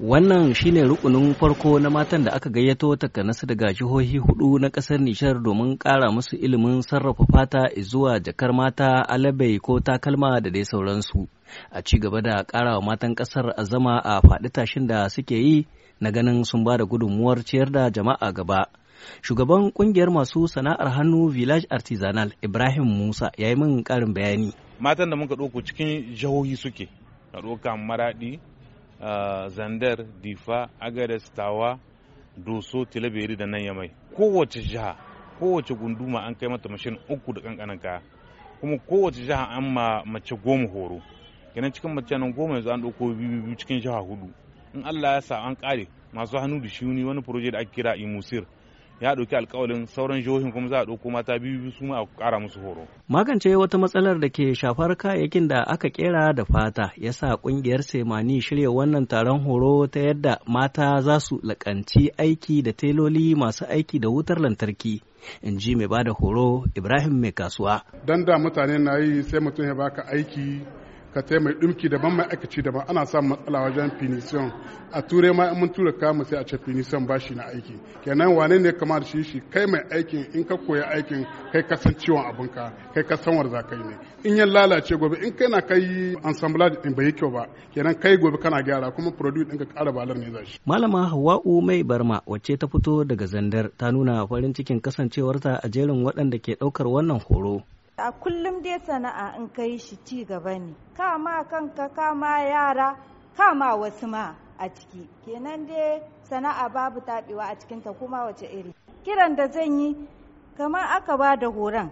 Wannan shine rukunin farko na matan da aka gayyato takanasu daga jihohi hudu na kasar Nishar domin kara musu ilimin sarrafa fata zuwa jakar mata alabe ko takalma da dai sauransu. A ci gaba da ƙara wa matan ƙasar azama a faɗi tashin da suke yi na ganin sun ba da gudunmuwar ciyar da jama'a gaba. Shugaban ƙungiyar masu sana'ar hannu Village Artisanal Ibrahim Musa ya yi min ƙarin bayani. Matan da muka ɗauko cikin jihohi suke, na ɗauka maraɗi, zandar difa agares tawa doso tilaberi da nan ya mai kowace jiha kowace gunduma an kai mata mashin uku da kankanan kaya kuma kowace jiha an ma mace goma horo kenan cikin mace nan goma yanzu an ɗauko biyu cikin jiha hudu in allah ya sa an kare masu hannu da shuni wani proje da ake kira imusir ya ɗauki alkawalin sauran jihohin kuma za a ɗauko mata biyu su ma a ƙara musu horo. Magance wata matsalar da ke shafar kayayyakin da aka kera da fata ya sa ƙungiyar Semani shirya wannan taron horo ta yadda mata za su laƙanci aiki da teloli masu aiki da wutar lantarki. In ji mai bada horo Ibrahim mai kasuwa. Dan da mutane na yi sai mutum ya baka aiki ka tai mai dumki daban mai aikaci daban ana samun matsala wajen finisiyon a ture ma in mun tura kamu sai a ce finisiyon ba shi na aiki kenan wane ne kamar shi shi kai mai aikin in ka koya aikin kai ka san ciwon abinka kai ka san warza kai ne in ya lalace gobe in kai na kai ensemble din bai kyau ba kenan kai gobe kana gyara kuma produce ka kara balar ne za shi malama hawa'u mai barma wacce ta fito daga zandar ta nuna farin cikin kasancewarta a jerin waɗanda ke ɗaukar wannan horo a kullum dai sana'a in kai shi ci gaba ne kama kanka kama yara kama wasu ma a ciki kenan dai sana'a babu taɓewa a cikinta kuma wace iri kiran da zan yi kamar aka ba da horon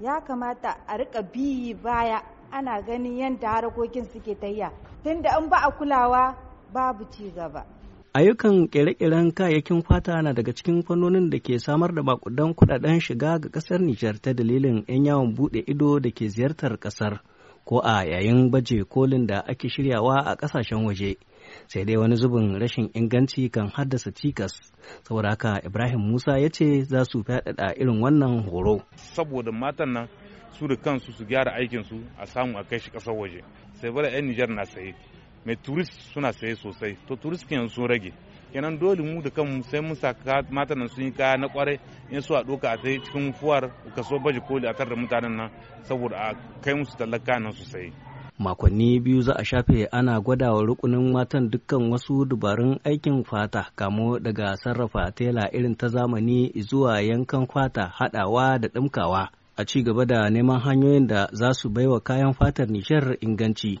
ya kamata a rika biyi baya ana ganin yadda harakokin suke tayya tunda in ba a kulawa babu ci gaba Ayyukan ƙere-ƙeren kayayyakin fata na daga cikin fannonin da ke samar da bakudan kudaden shiga ga ƙasar Nijar ta dalilin 'yan yawon buɗe ido da ke ziyartar ƙasar ko a yayin baje kolin da ake shiryawa a ƙasashen waje. Sai dai wani zubin rashin inganci kan haddasa cikas, saboda haka Ibrahim Musa ya ce za su faɗaɗa irin wannan horo. Saboda matan nan su da kansu su gyara aikinsu a samu a kai shi ƙasar waje, sai bada 'yan Nijar na saye. mai turist suna saye sosai to turist kenan sun rage kenan dole mu da kanmu sai mun saka matan nan sun yi kaya na kwarai in su a doka a sai cikin fuwar kaso baje koli a da mutanen nan saboda a kai musu talaka nan sosai makonni biyu za a shafe ana gwadawa rukunin matan dukkan wasu dubarun aikin fata kamo daga sarrafa tela irin ta zamani zuwa yankan fata hadawa da dimkawa a ci gaba da neman hanyoyin da za su baiwa kayan fatar nishar inganci